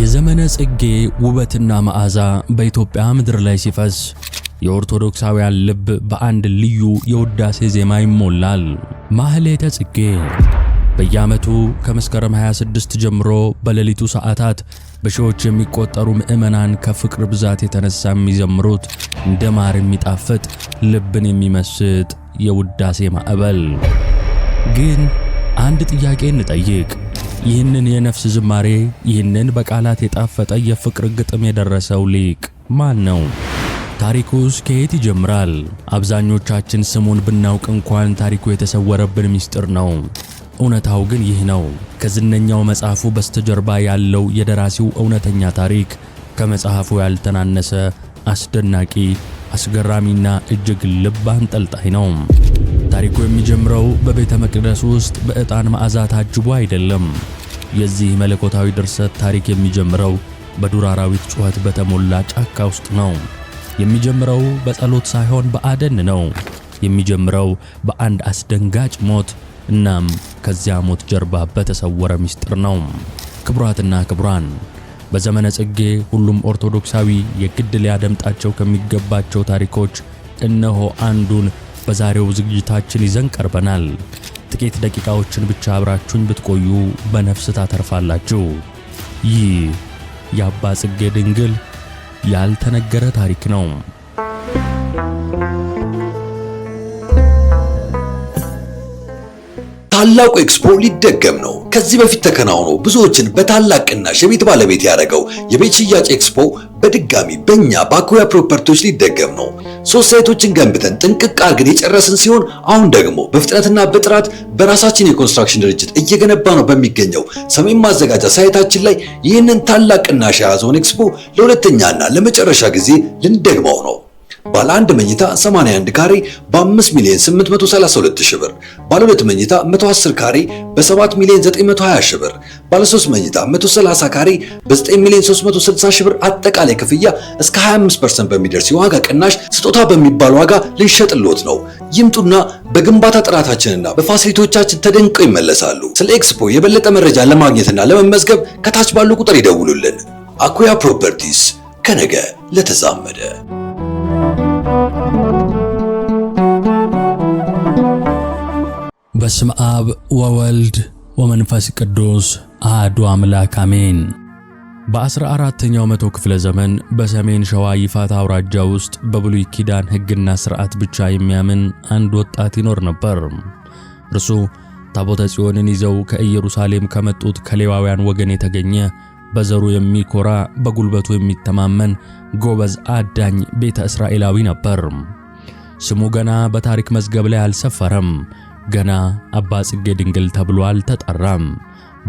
የዘመነ ጽጌ ውበትና መዓዛ በኢትዮጵያ ምድር ላይ ሲፈስ የኦርቶዶክሳውያን ልብ በአንድ ልዩ የውዳሴ ዜማ ይሞላል። ማኅሌተ ጽጌ በየዓመቱ ከመስከረም 26 ጀምሮ በሌሊቱ ሰዓታት በሺዎች የሚቆጠሩ ምዕመናን ከፍቅር ብዛት የተነሳ የሚዘምሩት እንደ ማር የሚጣፍጥ ልብን የሚመስጥ የውዳሴ ማዕበል። ግን አንድ ጥያቄ እንጠይቅ። ይህንን የነፍስ ዝማሬ፣ ይህንን በቃላት የጣፈጠ የፍቅር ግጥም የደረሰው ሊቅ ማን ነው? ታሪኩስ ከየት ይጀምራል? አብዛኞቻችን ስሙን ብናውቅ እንኳን ታሪኩ የተሰወረብን ምስጢር ነው። እውነታው ግን ይህ ነው። ከዝነኛው መጽሐፉ በስተጀርባ ያለው የደራሲው እውነተኛ ታሪክ ከመጽሐፉ ያልተናነሰ አስደናቂ፣ አስገራሚና እጅግ ልብ አንጠልጣይ ነው። ታሪኩ የሚጀምረው በቤተ መቅደስ ውስጥ በዕጣን መዓዛ ታጅቦ አይደለም። የዚህ መለኮታዊ ድርሰት ታሪክ የሚጀምረው በዱር አራዊት ጩኸት በተሞላ ጫካ ውስጥ ነው። የሚጀምረው በጸሎት ሳይሆን በአደን ነው። የሚጀምረው በአንድ አስደንጋጭ ሞት እናም ከዚያ ሞት ጀርባ በተሰወረ ምስጢር ነው። ክቡራትና ክቡራን፣ በዘመነ ጽጌ ሁሉም ኦርቶዶክሳዊ የግድ ሊያደምጣቸው ከሚገባቸው ታሪኮች እነሆ አንዱን በዛሬው ዝግጅታችን ይዘን ቀርበናል። ጥቂት ደቂቃዎችን ብቻ አብራችሁኝ ብትቆዩ በነፍስ ታተርፋላችሁ። ይህ የአባ ጽጌ ድንግል ያልተነገረ ታሪክ ነው። ታላቁ ኤክስፖ ሊደገም ነው። ከዚህ በፊት ተከናውኖ ብዙዎችን በታላቅ ቅናሽ የቤት ባለቤት ያደረገው የቤት ሽያጭ ኤክስፖ በድጋሚ በእኛ ባኩያ ፕሮፐርቲዎች ሊደገም ነው። ሶስት ሳይቶችን ገንብተን ጥንቅቅ አድርገን የጨረስን ሲሆን አሁን ደግሞ በፍጥነትና በጥራት በራሳችን የኮንስትራክሽን ድርጅት እየገነባ ነው በሚገኘው ሰሜን ማዘጋጃ ሳይታችን ላይ ይህንን ታላቅ ቅናሽ የያዘውን ኤክስፖ ለሁለተኛና ለመጨረሻ ጊዜ ልንደግመው ነው። ባለ አንድ መኝታ 81 ካሬ በ5 ሚሊዮን 832 ሺህ ብር፣ ባለ ሁለት መኝታ 110 ካሬ በ7 ሚሊዮን 920 ሺህ ብር፣ ባለ 3 መኝታ 130 ካሬ በ9 ሚሊዮን 360 ሺህ ብር አጠቃላይ ክፍያ እስከ 25% በሚደርስ የዋጋ ቅናሽ ስጦታ በሚባል ዋጋ ልንሸጥልዎት ነው። ይምጡና በግንባታ ጥራታችንና በፋሲሊቲዎቻችን ተደንቀው ይመለሳሉ። ስለ ኤክስፖ የበለጠ መረጃ ለማግኘትና ለመመዝገብ ከታች ባሉ ቁጥር ይደውሉልን። አኩያ ፕሮፐርቲስ ከነገ ለተዛመደ በስም አብ ወወልድ ወመንፈስ ቅዱስ አሐዱ አምላክ አሜን። በአስራ አራተኛው መቶ ክፍለ ዘመን በሰሜን ሸዋ ይፋት አውራጃ ውስጥ በብሉይ ኪዳን ሕግና ሥርዓት ብቻ የሚያምን አንድ ወጣት ይኖር ነበር። እርሱ ታቦተ ጽዮንን ይዘው ከኢየሩሳሌም ከመጡት ከሌዋውያን ወገን የተገኘ በዘሩ የሚኮራ በጉልበቱ የሚተማመን ጎበዝ አዳኝ ቤተ እስራኤላዊ ነበር። ስሙ ገና በታሪክ መዝገብ ላይ አልሰፈረም። ገና አባ ጽጌ ድንግል ተብሎ አልተጠራም።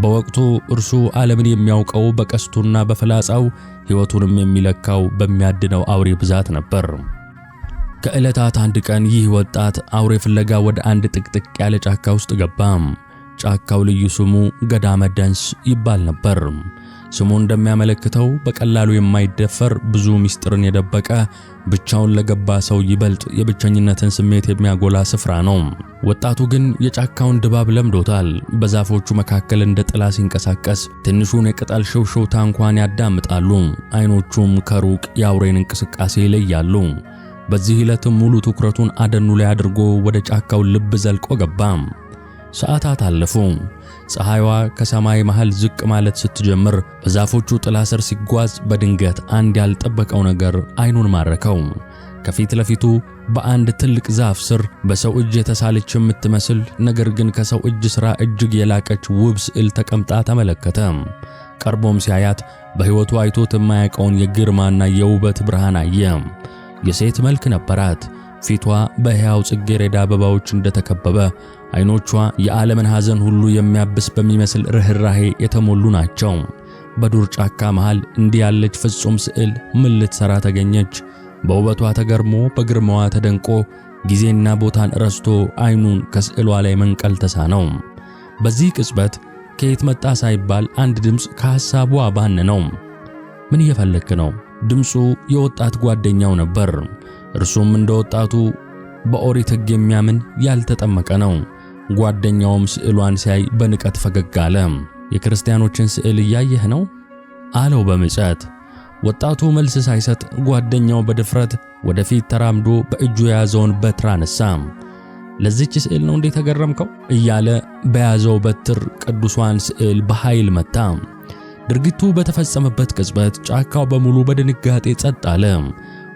በወቅቱ እርሱ ዓለምን የሚያውቀው በቀስቱና በፍላጻው ሕይወቱንም የሚለካው በሚያድነው አውሬ ብዛት ነበር። ከዕለታት አንድ ቀን ይህ ወጣት አውሬ ፍለጋ ወደ አንድ ጥቅጥቅ ያለ ጫካ ውስጥ ገባ። ጫካው ልዩ ስሙ ገዳመ ደንስ ይባል ነበር። ስሙ እንደሚያመለክተው በቀላሉ የማይደፈር ብዙ ምስጢርን የደበቀ ብቻውን ለገባ ሰው ይበልጥ የብቸኝነትን ስሜት የሚያጎላ ስፍራ ነው። ወጣቱ ግን የጫካውን ድባብ ለምዶታል። በዛፎቹ መካከል እንደ ጥላ ሲንቀሳቀስ ትንሹን የቅጠል ሽውሽውታ እንኳን ያዳምጣሉ። አይኖቹም ከሩቅ የአውሬን እንቅስቃሴ ይለያሉ። በዚህ ዕለትም ሙሉ ትኩረቱን አደኑ ላይ አድርጎ ወደ ጫካው ልብ ዘልቆ ገባ። ሰዓታት አለፉ። ፀሐይዋ ከሰማይ መሃል ዝቅ ማለት ስትጀምር በዛፎቹ ጥላ ስር ሲጓዝ በድንገት አንድ ያልጠበቀው ነገር አይኑን ማረከው። ከፊት ለፊቱ በአንድ ትልቅ ዛፍ ስር በሰው እጅ የተሳለች የምትመስል ነገር ግን ከሰው እጅ ሥራ እጅግ የላቀች ውብ ስዕል ተቀምጣ ተመለከተ። ቀርቦም ሲያያት በሕይወቱ አይቶት የማያውቀውን የግርማና የውበት ብርሃን አየ። የሴት መልክ ነበራት። ፊቷ በሕያው ጽጌረዳ አበባዎች እንደተከበበ ዓይኖቿ የዓለምን ሐዘን ሁሉ የሚያብስ በሚመስል ርህራሄ የተሞሉ ናቸው። በዱር ጫካ መሃል እንዲህ ያለች ፍጹም ስዕል ምን ልትሠራ ተገኘች? በውበቷ ተገርሞ በግርማዋ ተደንቆ ጊዜና ቦታን ረስቶ ዓይኑን ከስዕሏ ላይ መንቀል ተሳነው። በዚህ ቅጽበት ከየት መጣ ሳይባል አንድ ድምፅ ከሐሳቡ አባን ነው። ምን እየፈለክ ነው? ድምፁ የወጣት ጓደኛው ነበር። እርሱም እንደ ወጣቱ በኦሪት ሕግ የሚያምን ያልተጠመቀ ነው። ጓደኛውም ስዕሏን ሲያይ በንቀት ፈገግ አለ። የክርስቲያኖችን ስዕል እያየህ ነው አለው በምጸት። ወጣቱ መልስ ሳይሰጥ ጓደኛው በድፍረት ወደፊት ተራምዶ በእጁ የያዘውን በትር አነሳ። ለዚች ስዕል ነው እንዴት ተገረምከው? እያለ በያዘው በትር ቅዱሷን ስዕል በኃይል መታ። ድርጊቱ በተፈጸመበት ቅጽበት ጫካው በሙሉ በድንጋጤ ጸጥ አለ።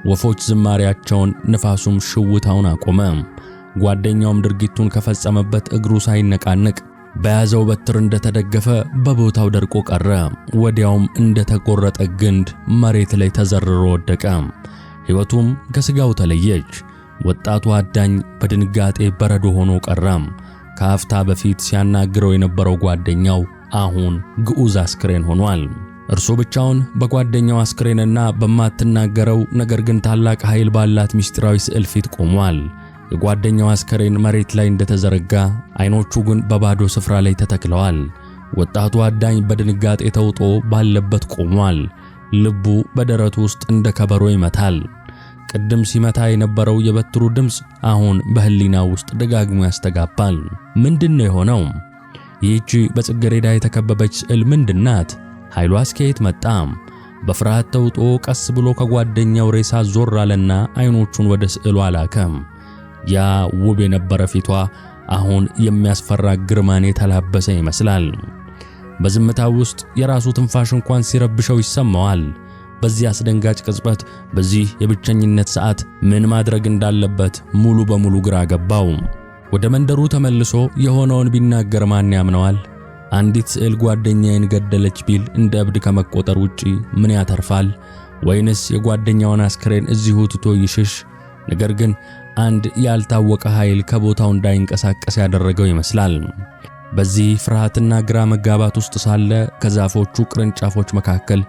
ወፎች ዝማሪያቸውን፣ ነፋሱም ሽውታውን አቆመ። ጓደኛውም ድርጊቱን ከፈጸመበት እግሩ ሳይነቃነቅ በያዘው በትር እንደተደገፈ በቦታው ደርቆ ቀረ። ወዲያውም እንደተቆረጠ ግንድ መሬት ላይ ተዘርሮ ወደቀ። ሕይወቱም ከሥጋው ተለየች። ወጣቱ አዳኝ በድንጋጤ በረዶ ሆኖ ቀረ። ከአፍታ በፊት ሲያናግረው የነበረው ጓደኛው አሁን ግዑዝ አስክሬን ሆኗል። እርሱ ብቻውን በጓደኛው አስክሬንና በማትናገረው ነገር ግን ታላቅ ኃይል ባላት ምስጢራዊ ስዕል ፊት ቆሟል። የጓደኛው አስከሬን መሬት ላይ እንደተዘረጋ፣ አይኖቹ ግን በባዶ ስፍራ ላይ ተተክለዋል። ወጣቱ አዳኝ በድንጋጤ ተውጦ ባለበት ቆሟል። ልቡ በደረቱ ውስጥ እንደ ከበሮ ይመታል። ቅድም ሲመታ የነበረው የበትሩ ድምፅ አሁን በህሊና ውስጥ ደጋግሞ ያስተጋባል። ምንድን ነው የሆነው? ይህቺ በጽጌረዳ የተከበበች ስዕል ምንድን ናት? ኃይሏስ ከየት መጣ? በፍርሃት ተውጦ ቀስ ብሎ ከጓደኛው ሬሳ ዞር አለና አይኖቹን ወደ ስዕሉ አላከም። ያ ውብ የነበረ ፊቷ አሁን የሚያስፈራ ግርማን የተላበሰ ይመስላል። በዝምታ ውስጥ የራሱ ትንፋሽ እንኳን ሲረብሸው ይሰማዋል። በዚህ አስደንጋጭ ቅጽበት፣ በዚህ የብቸኝነት ሰዓት ምን ማድረግ እንዳለበት ሙሉ በሙሉ ግራ ገባው። ወደ መንደሩ ተመልሶ የሆነውን ቢናገር ማን ያምነዋል? አንዲት ስዕል ጓደኛዬን ገደለች ቢል እንደ እብድ ከመቆጠር ውጪ ምን ያተርፋል? ወይንስ የጓደኛውን አስክሬን እዚሁ ትቶ ይሽሽ? ነገር ግን አንድ ያልታወቀ ኃይል ከቦታው እንዳይንቀሳቀስ ያደረገው ይመስላል። በዚህ ፍርሃትና ግራ መጋባት ውስጥ ሳለ ከዛፎቹ ቅርንጫፎች መካከል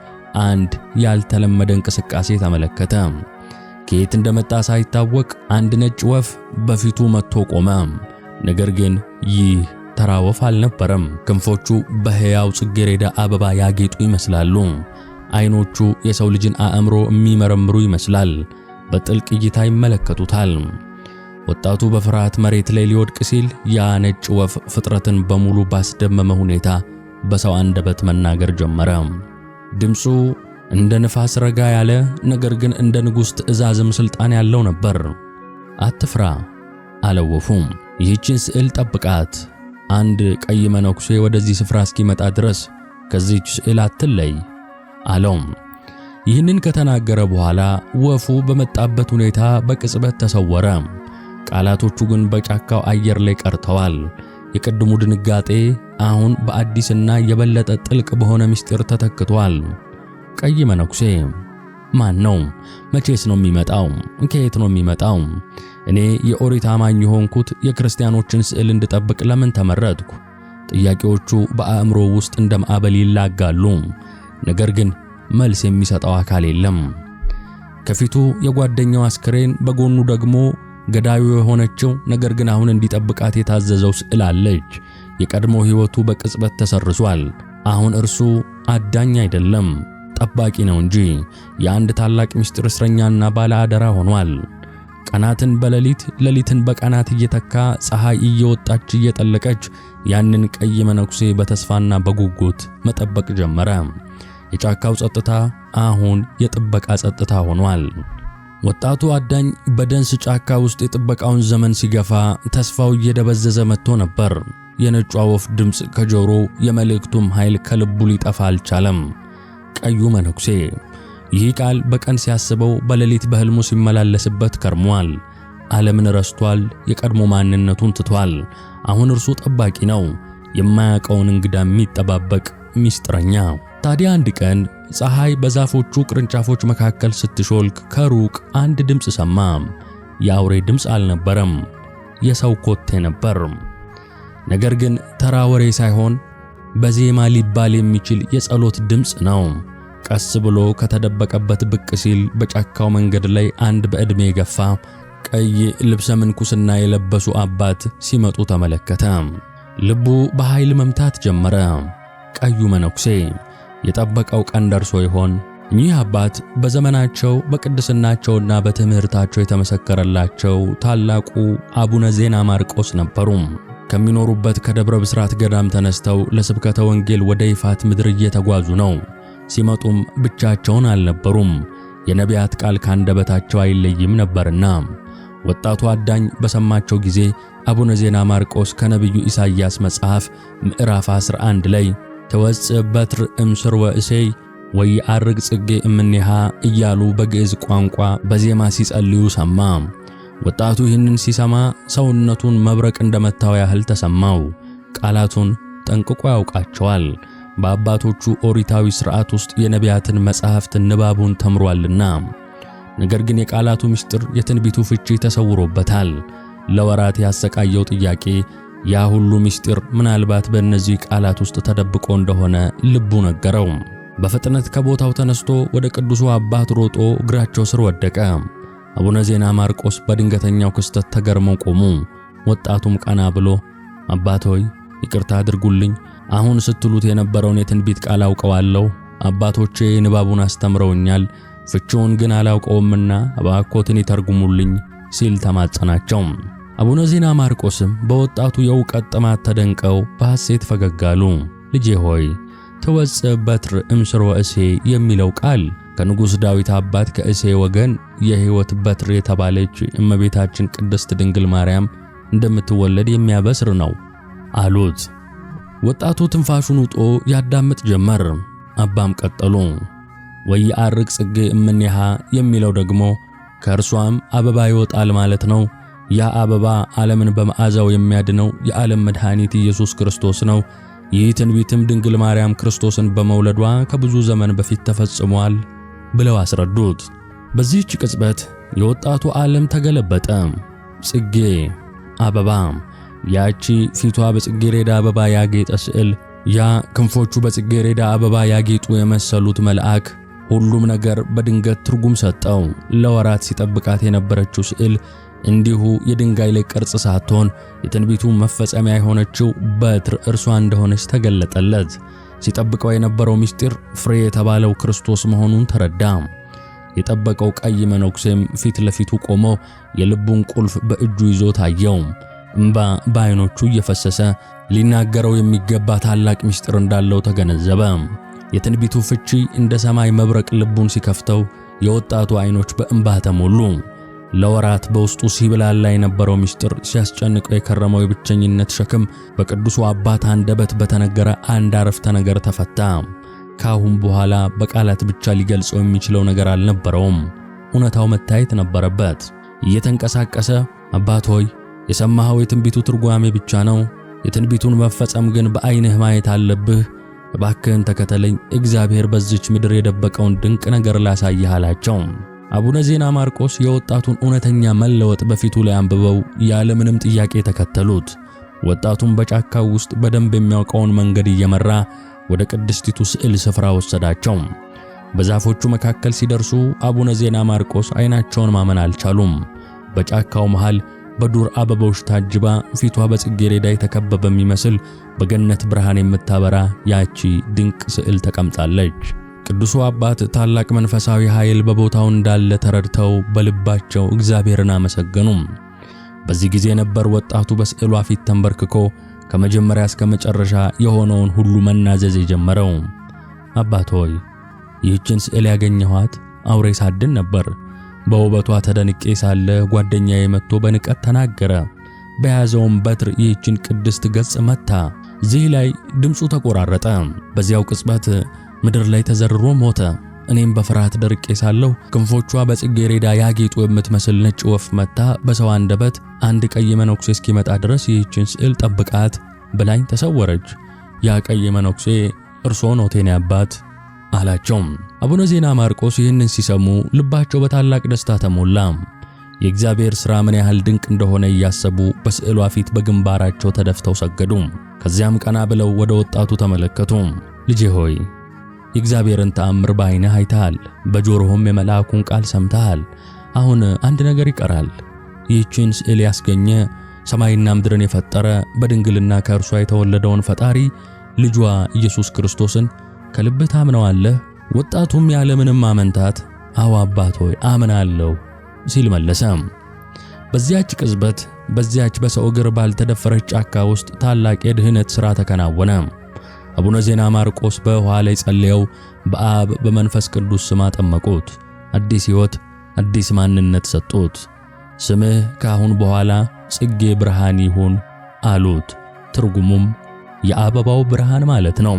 አንድ ያልተለመደ እንቅስቃሴ ተመለከተ። ከየት እንደመጣ ሳይታወቅ አንድ ነጭ ወፍ በፊቱ መጥቶ ቆመ። ነገር ግን ይህ ተራ ወፍ አልነበረም። ክንፎቹ በሕያው ጽጌረዳ አበባ ያጌጡ ይመስላሉ። ዓይኖቹ የሰው ልጅን አእምሮ የሚመረምሩ ይመስላል። በጥልቅ እይታ ይመለከቱታል። ወጣቱ በፍርሃት መሬት ላይ ሊወድቅ ሲል ያ ነጭ ወፍ ፍጥረትን በሙሉ ባስደመመ ሁኔታ በሰው አንደበት መናገር ጀመረ። ድምፁ እንደ ንፋስ ረጋ ያለ ነገር ግን እንደ ንጉሥ ትእዛዝም ሥልጣን ያለው ነበር። አትፍራ አለወፉም። ይህችን ስዕል ጠብቃት። አንድ ቀይ መነኩሴ ወደዚህ ስፍራ እስኪመጣ ድረስ ከዚህች ስዕል አትለይ አለው። ይህንን ከተናገረ በኋላ ወፉ በመጣበት ሁኔታ በቅጽበት ተሰወረ። ቃላቶቹ ግን በጫካው አየር ላይ ቀርተዋል። የቅድሙ ድንጋጤ አሁን በአዲስና የበለጠ ጥልቅ በሆነ ምስጢር ተተክቷል። ቀይ መነኩሴ ማን ነው? መቼስ ነው የሚመጣው? ከየት ነው የሚመጣው? እኔ የኦሪት አማኝ የሆንኩት የክርስቲያኖችን ስዕል እንድጠብቅ ለምን ተመረጥኩ? ጥያቄዎቹ በአእምሮ ውስጥ እንደ ማዕበል ይላጋሉ። ነገር ግን መልስ የሚሰጠው አካል የለም። ከፊቱ የጓደኛው አስክሬን፣ በጎኑ ደግሞ ገዳዩ የሆነችው ነገር ግን አሁን እንዲጠብቃት የታዘዘው ስዕል አለች። የቀድሞ ሕይወቱ በቅጽበት ተሰርሷል። አሁን እርሱ አዳኝ አይደለም፣ ጠባቂ ነው እንጂ የአንድ ታላቅ ምስጢር እስረኛና ባለ አደራ ሆኗል። ቀናትን በሌሊት ሌሊትን በቀናት እየተካ ፀሐይ እየወጣች እየጠለቀች ያንን ቀይ መነኩሴ በተስፋና በጉጉት መጠበቅ ጀመረ። የጫካው ጸጥታ አሁን የጥበቃ ጸጥታ ሆኗል። ወጣቱ አዳኝ በደንስ ጫካ ውስጥ የጥበቃውን ዘመን ሲገፋ ተስፋው እየደበዘዘ መጥቶ ነበር። የነጯ ወፍ ድምፅ ከጆሮ የመልእክቱም ኃይል ከልቡ ሊጠፋ አልቻለም። ቀዩ መነኩሴ ይህ ቃል በቀን ሲያስበው በሌሊት በሕልሙ ሲመላለስበት ከርሟል። ዓለምን ረስቷል። የቀድሞ ማንነቱን ትቷል። አሁን እርሱ ጠባቂ ነው፣ የማያውቀውን እንግዳ የሚጠባበቅ ሚስጥረኛ ታዲያ አንድ ቀን ፀሐይ በዛፎቹ ቅርንጫፎች መካከል ስትሾልክ ከሩቅ አንድ ድምፅ ሰማ። የአውሬ ድምፅ አልነበረም፣ የሰው ኮቴ ነበር። ነገር ግን ተራ ወሬ ሳይሆን በዜማ ሊባል የሚችል የጸሎት ድምፅ ነው። ቀስ ብሎ ከተደበቀበት ብቅ ሲል በጫካው መንገድ ላይ አንድ በዕድሜ የገፋ ቀይ ልብሰ ምንኩስና የለበሱ አባት ሲመጡ ተመለከተ። ልቡ በኃይል መምታት ጀመረ። ቀዩ መነኩሴ የጠበቀው ቀን ደርሶ ይሆን? እኚህ አባት በዘመናቸው በቅድስናቸውና በትምህርታቸው የተመሰከረላቸው ታላቁ አቡነ ዜና ማርቆስ ነበሩ። ከሚኖሩበት ከደብረ ብስራት ገዳም ተነስተው ለስብከተ ወንጌል ወደ ይፋት ምድር እየተጓዙ ነው። ሲመጡም ብቻቸውን አልነበሩም። የነቢያት ቃል ካንደበታቸው አይለይም ነበርና ወጣቱ አዳኝ በሰማቸው ጊዜ አቡነ ዜና ማርቆስ ከነቢዩ ኢሳይያስ መጽሐፍ ምዕራፍ 11 ላይ ተወፅእ በትር እምስር ወእሴይ አርግ ጽጌ እምኔሃ እያሉ በግዕዝ ቋንቋ በዜማ ሲጸልዩ ሰማ። ወጣቱ ይህንን ሲሰማ ሰውነቱን መብረቅ እንደመታው ያህል ተሰማው። ቃላቱን ጠንቅቆ ያውቃቸዋል። በአባቶቹ ኦሪታዊ ሥርዓት ውስጥ የነቢያትን መጻሕፍት ንባቡን ተምሯልና። ነገር ግን የቃላቱ ምስጢር፣ የትንቢቱ ፍቺ ተሰውሮበታል። ለወራት ያሰቃየው ጥያቄ ያ ሁሉ ምስጢር ምናልባት በእነዚህ ቃላት ውስጥ ተደብቆ እንደሆነ ልቡ ነገረው። በፍጥነት ከቦታው ተነስቶ ወደ ቅዱሱ አባት ሮጦ እግራቸው ስር ወደቀ። አቡነ ዜና ማርቆስ በድንገተኛው ክስተት ተገርመው ቆሙ። ወጣቱም ቀና ብሎ አባት ሆይ ይቅርታ አድርጉልኝ፣ አሁን ስትሉት የነበረውን የትንቢት ቃል አውቀዋለሁ። አባቶቼ ንባቡን አስተምረውኛል፣ ፍቺውን ግን አላውቀውምና እባክዎትን ይተርጉሙልኝ ሲል ተማጸናቸው። አቡነ ዜና ማርቆስም በወጣቱ የእውቀት ጥማት ተደንቀው በሐሴት ፈገግ አሉ። ልጄ ሆይ ተወጽእ በትር እምስሮ እሴ የሚለው ቃል ከንጉሥ ዳዊት አባት ከእሴ ወገን የሕይወት በትር የተባለች እመቤታችን ቅድስት ድንግል ማርያም እንደምትወለድ የሚያበስር ነው አሉት። ወጣቱ ትንፋሹን ውጦ ያዳምጥ ጀመር። አባም ቀጠሉ። አርቅ ጽጌ እምኔሃ የሚለው ደግሞ ከእርሷም አበባ ይወጣል ማለት ነው ያ አበባ ዓለምን በመዓዛው የሚያድነው የዓለም መድኃኒት ኢየሱስ ክርስቶስ ነው። ይህ ትንቢትም ድንግል ማርያም ክርስቶስን በመውለዷ ከብዙ ዘመን በፊት ተፈጽሟል ብለው አስረዱት። በዚህች ቅጽበት የወጣቱ ዓለም ተገለበጠ። ጽጌ አበባ፣ ያቺ ፊቷ በጽጌረዳ አበባ ያጌጠ ስዕል፣ ያ ክንፎቹ በጽጌሬዳ አበባ ያጌጡ የመሰሉት መልአክ ሁሉም ነገር በድንገት ትርጉም ሰጠው። ለወራት ሲጠብቃት የነበረችው ስዕል እንዲሁ የድንጋይ ላይ ቅርጽ ሳትሆን የትንቢቱ መፈጸሚያ የሆነችው በትር እርሷ እንደሆነች ተገለጠለት። ሲጠብቀው የነበረው ምስጢር ፍሬ የተባለው ክርስቶስ መሆኑን ተረዳ። የጠበቀው ቀይ መነኩሴም ፊት ለፊቱ ቆሞ የልቡን ቁልፍ በእጁ ይዞ ታየው። እምባ በዓይኖቹ እየፈሰሰ ሊናገረው የሚገባ ታላቅ ምስጢር እንዳለው ተገነዘበ። የትንቢቱ ፍቺ እንደ ሰማይ መብረቅ ልቡን ሲከፍተው የወጣቱ ዓይኖች በእምባ ተሞሉ። ለወራት በውስጡ ሲብላላ የነበረው ምስጢር ሲያስጨንቀው የከረመው የብቸኝነት ሸክም በቅዱሱ አባት አንደበት በተነገረ አንድ አረፍተ ነገር ተፈታ። ከአሁን በኋላ በቃላት ብቻ ሊገልጸው የሚችለው ነገር አልነበረውም። እውነታው መታየት ነበረበት። እየተንቀሳቀሰ አባት ሆይ የሰማኸው የትንቢቱ ትርጓሜ ብቻ ነው። የትንቢቱን መፈጸም ግን በዐይንህ ማየት አለብህ። እባክህን ተከተለኝ፣ እግዚአብሔር በዚች ምድር የደበቀውን ድንቅ ነገር ላሳይህ አላቸው። አቡነ ዜና ማርቆስ የወጣቱን እውነተኛ መለወጥ በፊቱ ላይ አንብበው ያለምንም ጥያቄ ተከተሉት። ወጣቱን በጫካው ውስጥ በደንብ የሚያውቀውን መንገድ እየመራ ወደ ቅድስቲቱ ስዕል ስፍራ ወሰዳቸው። በዛፎቹ መካከል ሲደርሱ አቡነ ዜና ማርቆስ አይናቸውን ማመን አልቻሉም። በጫካው መሃል በዱር አበባዎች ታጅባ ፊቷ በጽጌረዳ የተከበበ የሚመስል በገነት ብርሃን የምታበራ ያቺ ድንቅ ስዕል ተቀምጣለች። ቅዱሱ አባት ታላቅ መንፈሳዊ ኃይል በቦታው እንዳለ ተረድተው በልባቸው እግዚአብሔርን አመሰገኑ። በዚህ ጊዜ ነበር ወጣቱ በስዕሏ ፊት ተንበርክኮ ከመጀመሪያ እስከ መጨረሻ የሆነውን ሁሉ መናዘዝ የጀመረው። አባት ሆይ ይህችን ስዕል ያገኘኋት አውሬ ሳድን ነበር። በውበቷ ተደንቄ ሳለ ጓደኛዬ መጥቶ በንቀት ተናገረ። በያዘውም በትር ይህችን ቅድስት ገጽ መታ። እዚህ ላይ ድምፁ ተቆራረጠ። በዚያው ቅጽበት ምድር ላይ ተዘርሮ ሞተ። እኔም በፍርሃት ደርቄ ሳለሁ ክንፎቿ በጽጌረዳ ያጌጡ የምትመስል ነጭ ወፍ መታ በሰው አንደበት አንድ ቀይ መነኩሴ እስኪመጣ ድረስ ይህችን ስዕል ጠብቃት ብላኝ ተሰወረች። ያ ቀይ መነኩሴ እርስዎ ኖቴኔ አባት አላቸው። አቡነ ዜና ማርቆስ ይህንን ሲሰሙ ልባቸው በታላቅ ደስታ ተሞላ። የእግዚአብሔር ሥራ ምን ያህል ድንቅ እንደሆነ እያሰቡ በስዕሏ ፊት በግንባራቸው ተደፍተው ሰገዱ። ከዚያም ቀና ብለው ወደ ወጣቱ ተመለከቱ። ልጄ ሆይ የእግዚአብሔርን ተአምር በዓይንህ አይተሃል፣ በጆሮህም የመልአኩን ቃል ሰምተሃል። አሁን አንድ ነገር ይቀራል። ይህችን ስዕል ያስገኘ ሰማይና ምድርን የፈጠረ በድንግልና ከእርሷ የተወለደውን ፈጣሪ ልጇ ኢየሱስ ክርስቶስን ከልብህ ታምነዋለህ? ወጣቱም ያለምንም አመንታት አዎ አባት ሆይ አምናለሁ ሲል መለሰ። በዚያች ቅጽበት በዚያች በሰው እግር ባልተደፈረች ጫካ ውስጥ ታላቅ የድህነት ሥራ ተከናወነ። አቡነ ዜና ማርቆስ በውሃ ላይ ጸልየው በአብ በመንፈስ ቅዱስ ስም አጠመቁት። አዲስ ሕይወት፣ አዲስ ማንነት ሰጡት። ስምህ ካሁን በኋላ ጽጌ ብርሃን ይሁን አሉት። ትርጉሙም የአበባው ብርሃን ማለት ነው።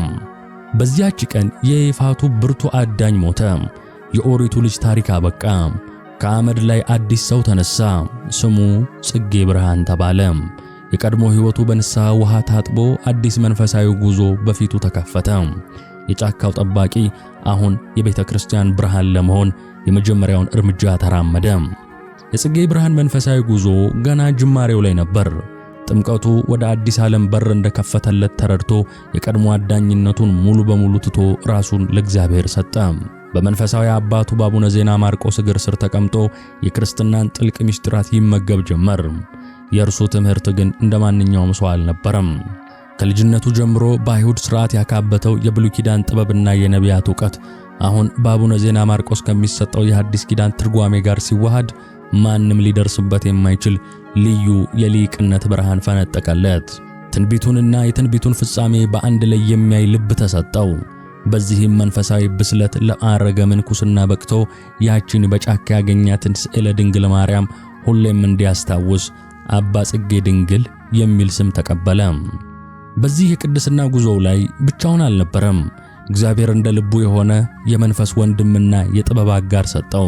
በዚያች ቀን የይፋቱ ብርቱ አዳኝ ሞተ። የኦሪቱ ልጅ ታሪክ አበቃ። ከአመድ ላይ አዲስ ሰው ተነሳ። ስሙ ጽጌ ብርሃን ተባለም። የቀድሞ ሕይወቱ በንስሐ ውሃ ታጥቦ አዲስ መንፈሳዊ ጉዞ በፊቱ ተከፈተ። የጫካው ጠባቂ አሁን የቤተ ክርስቲያን ብርሃን ለመሆን የመጀመሪያውን እርምጃ ተራመደ። የጽጌ ብርሃን መንፈሳዊ ጉዞ ገና ጅማሬው ላይ ነበር። ጥምቀቱ ወደ አዲስ ዓለም በር እንደከፈተለት ተረድቶ የቀድሞ አዳኝነቱን ሙሉ በሙሉ ትቶ ራሱን ለእግዚአብሔር ሰጠ። በመንፈሳዊ አባቱ በአቡነ ዜና ማርቆስ እግር ስር ተቀምጦ የክርስትናን ጥልቅ ምስጢራት ይመገብ ጀመር። የእርሱ ትምህርት ግን እንደ ማንኛውም ሰው አልነበረም። ከልጅነቱ ጀምሮ በአይሁድ ሥርዓት ያካበተው የብሉይ ኪዳን ጥበብና የነቢያት ዕውቀት አሁን በአቡነ ዜና ማርቆስ ከሚሰጠው የሐዲስ ኪዳን ትርጓሜ ጋር ሲዋሃድ ማንም ሊደርስበት የማይችል ልዩ የሊቅነት ብርሃን ፈነጠቀለት። ትንቢቱንና የትንቢቱን ፍጻሜ በአንድ ላይ የሚያይ ልብ ተሰጠው። በዚህም መንፈሳዊ ብስለት ለማዕረገ ምንኩስና በቅቶ ያችን በጫካ ያገኛትን ስዕለ ድንግል ማርያም ሁሌም እንዲያስታውስ አባ ጽጌ ድንግል የሚል ስም ተቀበለ። በዚህ የቅድስና ጉዞው ላይ ብቻውን አልነበረም። እግዚአብሔር እንደ ልቡ የሆነ የመንፈስ ወንድምና የጥበብ አጋር ሰጠው።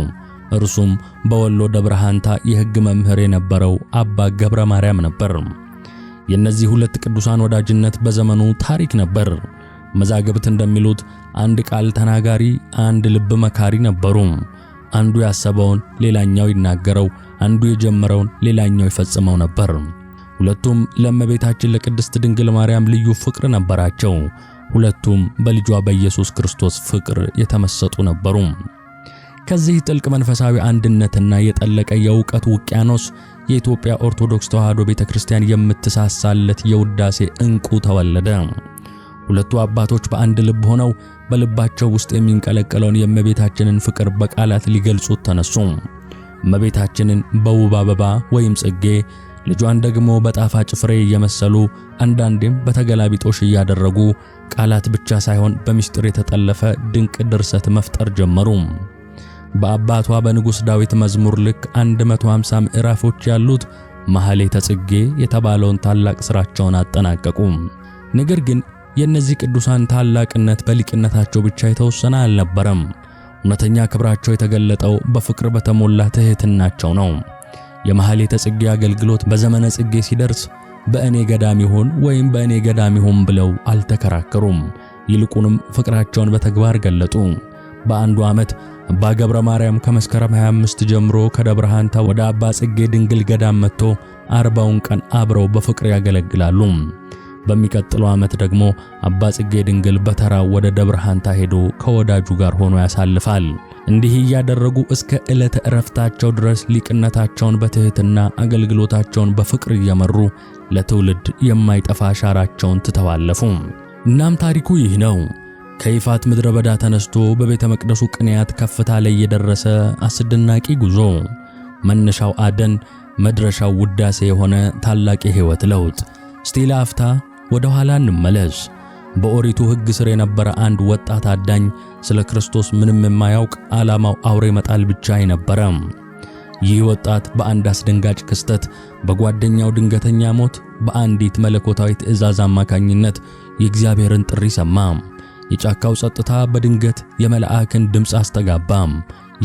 እርሱም በወሎ ደብረ ሐንታ የሕግ መምህር የነበረው አባ ገብረ ማርያም ነበር። የእነዚህ ሁለት ቅዱሳን ወዳጅነት በዘመኑ ታሪክ ነበር። መዛግብት እንደሚሉት አንድ ቃል ተናጋሪ፣ አንድ ልብ መካሪ ነበሩ። አንዱ ያሰበውን ሌላኛው ይናገረው፣ አንዱ የጀመረውን ሌላኛው ይፈጽመው ነበር። ሁለቱም ለእመቤታችን ለቅድስት ድንግል ማርያም ልዩ ፍቅር ነበራቸው። ሁለቱም በልጇ በኢየሱስ ክርስቶስ ፍቅር የተመሰጡ ነበሩ። ከዚህ ጥልቅ መንፈሳዊ አንድነትና የጠለቀ የእውቀት ውቅያኖስ የኢትዮጵያ ኦርቶዶክስ ተዋሕዶ ቤተክርስቲያን የምትሳሳለት የውዳሴ ዕንቁ ተወለደ። ሁለቱ አባቶች በአንድ ልብ ሆነው በልባቸው ውስጥ የሚንቀለቀለውን የእመቤታችንን ፍቅር በቃላት ሊገልጹት ተነሱ። እመቤታችንን በውብ አበባ ወይም ጽጌ፣ ልጇን ደግሞ በጣፋጭ ፍሬ እየመሰሉ አንዳንዴም በተገላቢጦሽ እያደረጉ ቃላት ብቻ ሳይሆን በምስጢር የተጠለፈ ድንቅ ድርሰት መፍጠር ጀመሩ። በአባቷ በንጉሥ ዳዊት መዝሙር ልክ 150 ምዕራፎች ያሉት መኃልየ ጽጌ የተባለውን ታላቅ ሥራቸውን አጠናቀቁ። ነገር ግን የእነዚህ ቅዱሳን ታላቅነት በሊቅነታቸው ብቻ የተወሰነ አልነበረም። እውነተኛ ክብራቸው የተገለጠው በፍቅር በተሞላ ትሕትናቸው ነው። የማኅሌተ ጽጌ አገልግሎት በዘመነ ጽጌ ሲደርስ በእኔ ገዳም ይሁን ወይም በእኔ ገዳም ይሁን ብለው አልተከራከሩም። ይልቁንም ፍቅራቸውን በተግባር ገለጡ። በአንዱ ዓመት አባ ገብረ ማርያም ከመስከረም 25 ጀምሮ ከደብረ ሐንታ ወደ አባ ጽጌ ድንግል ገዳም መጥቶ አርባውን ቀን አብረው በፍቅር ያገለግላሉ። በሚቀጥለው ዓመት ደግሞ አባ ጽጌ ድንግል በተራ ወደ ደብረ ሃንታ ሄዶ ከወዳጁ ጋር ሆኖ ያሳልፋል። እንዲህ እያደረጉ እስከ ዕለተ ዕረፍታቸው ድረስ ሊቅነታቸውን በትሕትና አገልግሎታቸውን በፍቅር እየመሩ ለትውልድ የማይጠፋ አሻራቸውን ትተዋለፉ። እናም ታሪኩ ይህ ነው። ከይፋት ምድረ በዳ ተነስቶ በቤተ መቅደሱ ቅንያት ከፍታ ላይ የደረሰ አስደናቂ ጉዞ፣ መነሻው አደን፣ መድረሻው ውዳሴ የሆነ ታላቅ የሕይወት ለውጥ። እስቲ ለአፍታ ወደ ኋላ እንመለስ። በኦሪቱ ሕግ ስር የነበረ አንድ ወጣት አዳኝ ስለ ክርስቶስ ምንም የማያውቅ ዓላማው አውሬ መጣል ብቻ አይነበረም። ይህ ወጣት በአንድ አስደንጋጭ ክስተት፣ በጓደኛው ድንገተኛ ሞት፣ በአንዲት መለኮታዊ ትእዛዝ አማካኝነት የእግዚአብሔርን ጥሪ ሰማ። የጫካው ጸጥታ በድንገት የመልአክን ድምፅ አስተጋባም።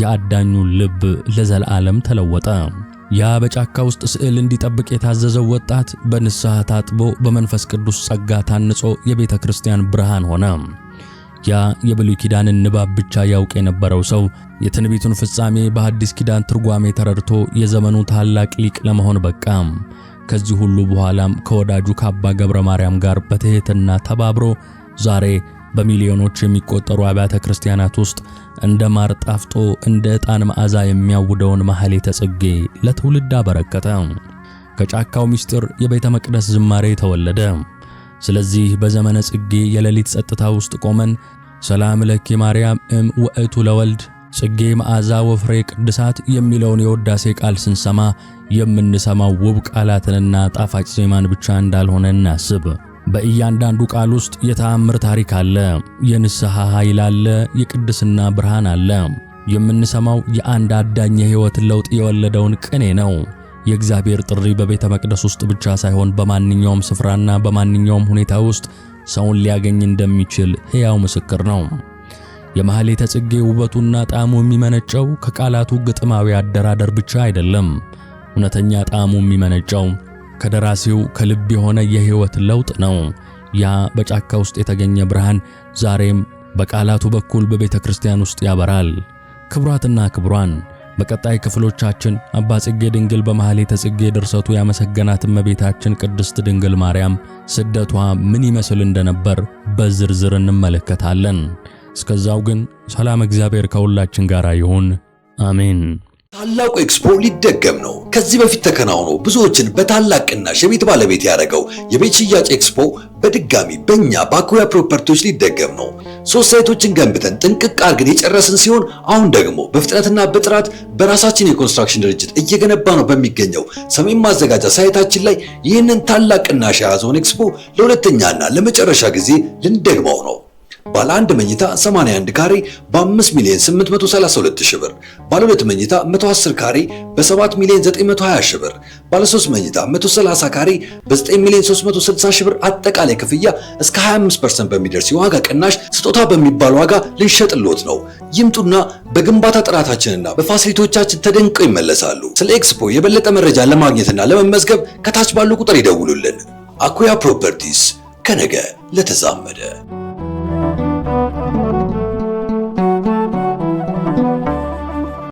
የአዳኙ ልብ ለዘላለም ተለወጠ። ያ በጫካ ውስጥ ስዕል እንዲጠብቅ የታዘዘው ወጣት በንስሐ ታጥቦ በመንፈስ ቅዱስ ጸጋ ታንጾ የቤተ ክርስቲያን ብርሃን ሆነ። ያ የብሉይ ኪዳንን ንባብ ብቻ ያውቅ የነበረው ሰው የትንቢቱን ፍጻሜ በአዲስ ኪዳን ትርጓሜ ተረድቶ የዘመኑ ታላቅ ሊቅ ለመሆን በቃ። ከዚህ ሁሉ በኋላም ከወዳጁ ከአባ ገብረ ማርያም ጋር በትሕትና ተባብሮ ዛሬ በሚሊዮኖች የሚቆጠሩ አብያተ ክርስቲያናት ውስጥ እንደ ማር ጣፍጦ እንደ ዕጣን መዓዛ የሚያውደውን ማኅሌተ ጽጌ ለትውልድ አበረከተ። ከጫካው ምስጢር የቤተ መቅደስ ዝማሬ ተወለደ። ስለዚህ በዘመነ ጽጌ የሌሊት ጸጥታ ውስጥ ቆመን ሰላም ለኪ ማርያም እም ውእቱ ለወልድ ጽጌ መዓዛ ወፍሬ ቅድሳት የሚለውን የውዳሴ ቃል ስንሰማ የምንሰማው ውብ ቃላትንና ጣፋጭ ዜማን ብቻ እንዳልሆነ እናስብ። በእያንዳንዱ ቃል ውስጥ የተአምር ታሪክ አለ፣ የንስሐ ኃይል አለ፣ የቅድስና ብርሃን አለ። የምንሰማው የአንድ አዳኝ የሕይወት ለውጥ የወለደውን ቅኔ ነው። የእግዚአብሔር ጥሪ በቤተ መቅደስ ውስጥ ብቻ ሳይሆን በማንኛውም ስፍራና በማንኛውም ሁኔታ ውስጥ ሰውን ሊያገኝ እንደሚችል ሕያው ምስክር ነው። የማኅሌተ ጽጌ ውበቱና ጣዕሙ የሚመነጨው ከቃላቱ ግጥማዊ አደራደር ብቻ አይደለም። እውነተኛ ጣዕሙ የሚመነጨው ከደራሲው ከልብ የሆነ የሕይወት ለውጥ ነው። ያ በጫካ ውስጥ የተገኘ ብርሃን ዛሬም በቃላቱ በኩል በቤተ ክርስቲያን ውስጥ ያበራል። ክቡራትና ክቡራን፣ በቀጣይ ክፍሎቻችን አባ ጽጌ ድንግል በማኅሌተ ጽጌ ድርሰቱ ያመሰገናት እመቤታችን ቅድስት ድንግል ማርያም ስደቷ ምን ይመስል እንደነበር በዝርዝር እንመለከታለን። እስከዛው ግን ሰላም፣ እግዚአብሔር ከሁላችን ጋር ይሁን። አሜን። ታላቁ ኤክስፖ ሊደገም ነው። ከዚህ በፊት ተከናውኖ ብዙዎችን በታላቅ ቅናሽ የቤት ባለቤት ያደረገው የቤት ሽያጭ ኤክስፖ በድጋሚ በእኛ በአኩሪያ ፕሮፐርቲዎች ሊደገም ነው። ሶስት ሳይቶችን ገንብተን ጥንቅቅ አድርገን የጨረስን ሲሆን አሁን ደግሞ በፍጥነትና በጥራት በራሳችን የኮንስትራክሽን ድርጅት እየገነባ ነው በሚገኘው ሰሜን ማዘጋጃ ሳይታችን ላይ ይህንን ታላቅ ቅናሽ የያዘውን ኤክስፖ ለሁለተኛና ለመጨረሻ ጊዜ ልንደግመው ነው። ባለ አንድ መኝታ 81 ካሬ በ5 ሚሊዮን 832 ሺህ ብር፣ ባለ ሁለት መኝታ 110 ካሬ በ7 ሚሊዮን 920 ሺህ ብር፣ ባለ 3 መኝታ 130 ካሬ በ9 ሚሊዮን 360 ሺህ ብር አጠቃላይ ክፍያ እስከ 25% በሚደርስ የዋጋ ቅናሽ ስጦታ በሚባል ዋጋ ልንሸጥልዎት ነው። ይምጡና በግንባታ ጥራታችንና በፋሲሊቶቻችን ተደንቀው ይመለሳሉ። ስለ ኤክስፖ የበለጠ መረጃ ለማግኘትና ለመመዝገብ ከታች ባለው ቁጥር ይደውሉልን። አኩያ ፕሮፐርቲስ ከነገ ለተዛመደ